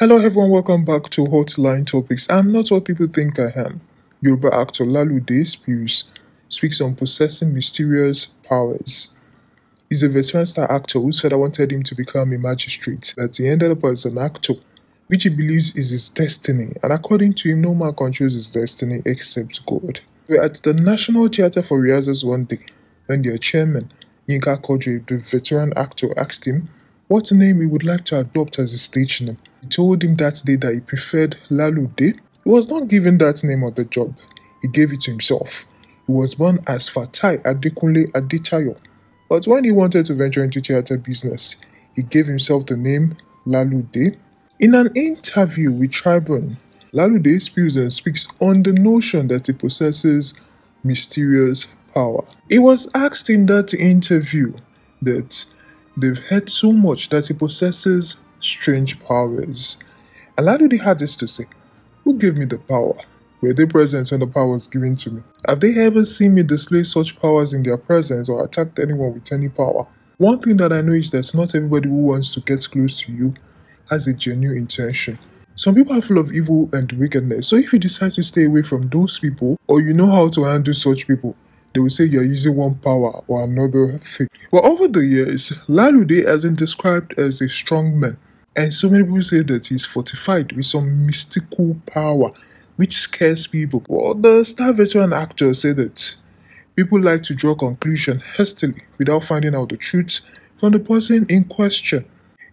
Hello everyone, welcome back to Hotline Topics. I'm not what people think I am. Yoruba actor Lalude Spears speaks on possessing mysterious powers. He's a veteran star actor whose father wanted him to become a magistrate, but he ended up as an actor, which he believes is his destiny. And according to him, no man controls his destiny except God. We're at the National Theatre for rehearsals one day when their chairman, Yinka Kodri, the veteran actor, asked him what name he would like to adopt as his stage name. He told him that day that he preferred Lalude. He was not given that name on the job, he gave it to himself. He was born as Fatai Adekunle Adetayo, but when he wanted to venture into theater business, he gave himself the name Lalude. In an interview with Tribune, Lalude spews and speaks on the notion that he possesses mysterious power. He was asked in that interview that They've heard so much that he possesses strange powers. And how did he have this to say? Who gave me the power? Were they present when the power was given to me? Have they ever seen me display such powers in their presence or attacked anyone with any power? One thing that I know is that not everybody who wants to get close to you has a genuine intention. Some people are full of evil and wickedness, so if you decide to stay away from those people or you know how to handle such people, they will say you're using one power or another thing. Well, over the years, Lalude has been described as a strong man, and so many people say that he's fortified with some mystical power which scares people. Well, the star veteran actor said that people like to draw conclusions hastily without finding out the truth from the person in question.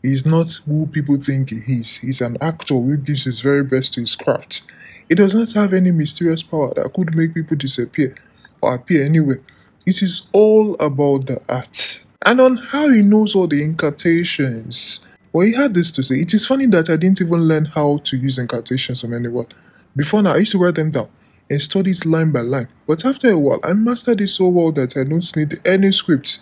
He's not who people think he is. He's an actor who gives his very best to his craft. He does not have any mysterious power that could make people disappear or appear anywhere. It is all about the art. And on how he knows all the incantations. Well, he had this to say It is funny that I didn't even learn how to use incantations from anyone. Before now, I used to write them down and study it line by line. But after a while, I mastered it so well that I don't need any script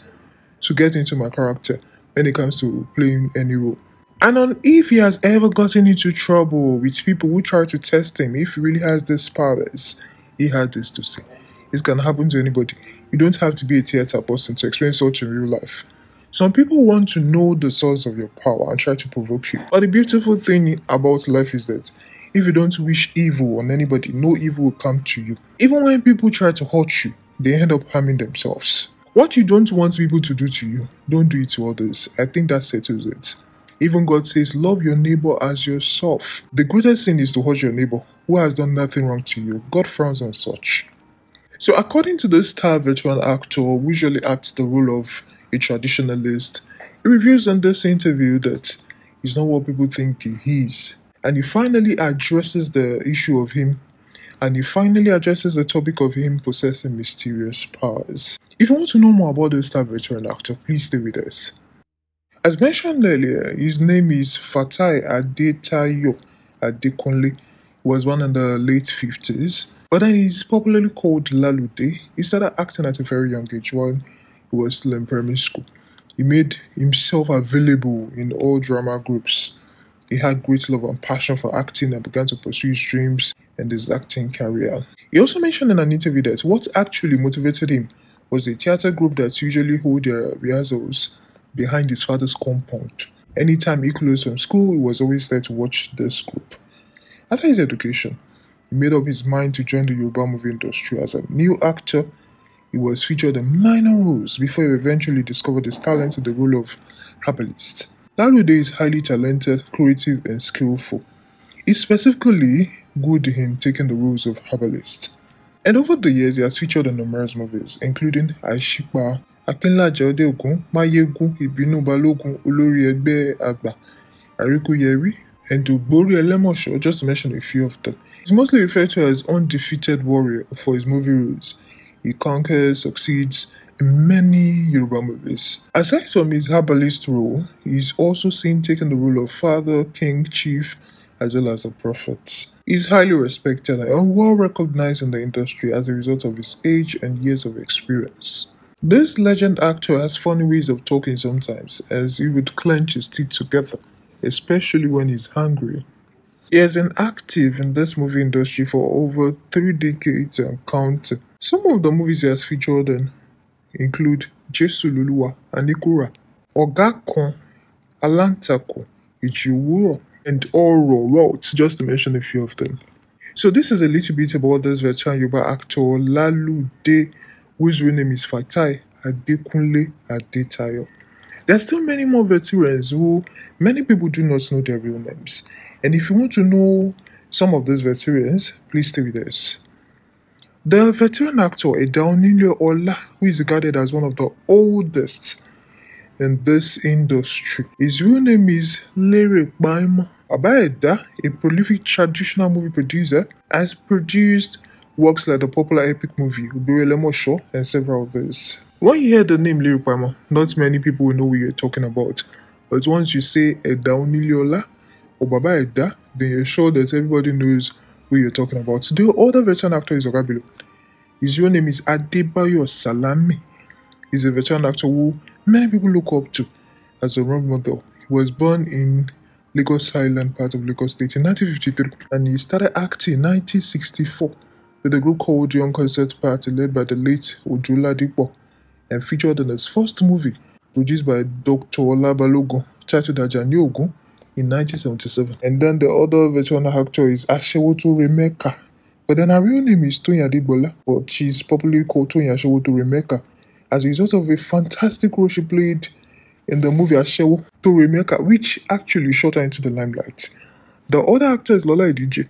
to get into my character when it comes to playing any role. And on if he has ever gotten into trouble with people who try to test him, if he really has these powers, he had this to say. It can happen to anybody. You don't have to be a theater person to experience such in real life. Some people want to know the source of your power and try to provoke you. But the beautiful thing about life is that if you don't wish evil on anybody, no evil will come to you. Even when people try to hurt you, they end up harming themselves. What you don't want people to do to you, don't do it to others. I think that settles it. Even God says, Love your neighbor as yourself. The greatest sin is to hurt your neighbor who has done nothing wrong to you. God frowns on such. So, according to this star veteran actor who usually acts the role of a traditionalist, he reveals in this interview that he's not what people think he is. And he finally addresses the issue of him, and he finally addresses the topic of him possessing mysterious powers. If you want to know more about this star veteran actor, please stay with us. As mentioned earlier, his name is Fatai Adetayo Adekunle. He was born in the late 50s but then he's popularly called Lalute. He started acting at a very young age while he was still in primary school. He made himself available in all drama groups. He had great love and passion for acting and began to pursue his dreams and his acting career. He also mentioned in an interview that what actually motivated him was the theatre group that usually hold their rehearsals behind his father's compound. Anytime he closed from school, he was always there to watch this group. After his education, made up his mind to join the Yoruba movie industry as a new actor. He was featured in minor roles before he eventually discovered his talent in the role of herbalist. Lalude is highly talented, creative, and skillful. He's specifically good in taking the roles of herbalist. And over the years, he has featured in numerous movies, including Aishipa, Akinlaja Odeogun, Mayegun, Ibinu Balogun, Olori Egbe Agba, Ariku Yeri, and Ugbori Elemosho, just to mention a few of them. He's mostly referred to as Undefeated Warrior for his movie roles. He conquers, succeeds in many Yoruba movies. Aside from his herbalist role, he's also seen taking the role of father, king, chief, as well as a prophet. He's highly respected and well recognized in the industry as a result of his age and years of experience. This legend actor has funny ways of talking sometimes, as he would clench his teeth together especially when he's hungry. He has been active in this movie industry for over three decades and counting. Some of the movies he has featured in include Jesu Luluwa and Ogakon, Alantako, Ichiwuro, and Oro Routes, just to mention a few of them. So this is a little bit about this veteran Yoruba actor Lalu De, whose real name is Fatai Adekunle Adetayo. There are still many more veterans who many people do not know their real names. And if you want to know some of these veterans, please stay with us. The veteran actor Donilio Ola, who is regarded as one of the oldest in this industry, his real name is Larry Baima. Abaeda, a prolific traditional movie producer, has produced works like the popular epic movie Ubirelemo Show and several others. When you hear the name Palmer, not many people will know what you're talking about. But once you say Eda Dauniliola, or Baba Eda, then you're sure that everybody knows who you're talking about. The other veteran actor is Ogabilo. His real name is Adebayo Salami. He's a veteran actor who many people look up to as a role model. He was born in Lagos Island, part of Lagos State in 1953, and he started acting in 1964 with a group called Young Concert Party led by the late Ojula Dipo and featured in his first movie produced by Dr. Olabalogun titled Ajani Ogun in 1977. And then the other veteran actor is Ashewoto Remeka. But then her real name is Tonya Dibola, but she's popularly called Tonya Ashewoto Remeka as a result of a fantastic role she played in the movie Ashewo to Remeka, which actually shot her into the limelight. The other actor is Lola Edije.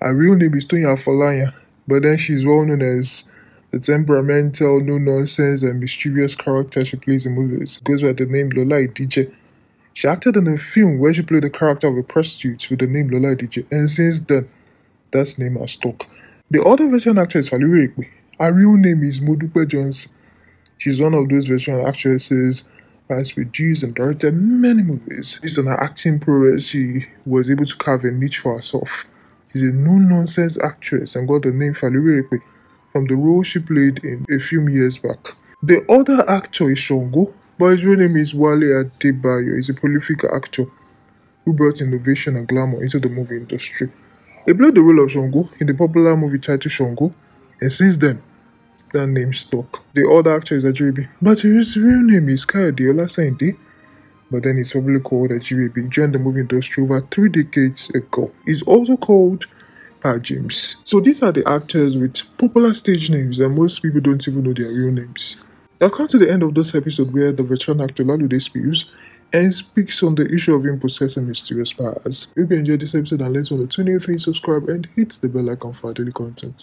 Her real name is Tonya Afalaya, but then she's well known as the temperamental, no nonsense, and mysterious character she plays in movies. It goes by the name Lola DJ. She acted in a film where she played the character of a prostitute with the name Lola DJ, and since then, that name has stuck. The other veteran actress is Valerie Ekpe. Her real name is Modupe Jones. She's one of those veteran actresses who has produced and directed many movies. Based on her acting prowess, she was able to carve a niche for herself is a no-nonsense actress and got the name Faliwerepe from the role she played in a few years back. The other actor is Shongo, but his real name is Wale Adebayo. He's a prolific actor who brought innovation and glamour into the movie industry. He played the role of Shongo in the popular movie titled Shongo, and since then, that name stuck. The other actor is Ajiribi, but his real name is Kayode Olasende but then it's probably called a Big joined the movie industry over three decades ago. It's also called Pat James. So these are the actors with popular stage names and most people don't even know their real names. I've come to the end of this episode where the veteran actor Lalu spews and speaks on the issue of him possessing mysterious powers. If you enjoyed this episode and let's on the tune subscribe and hit the bell icon for daily content.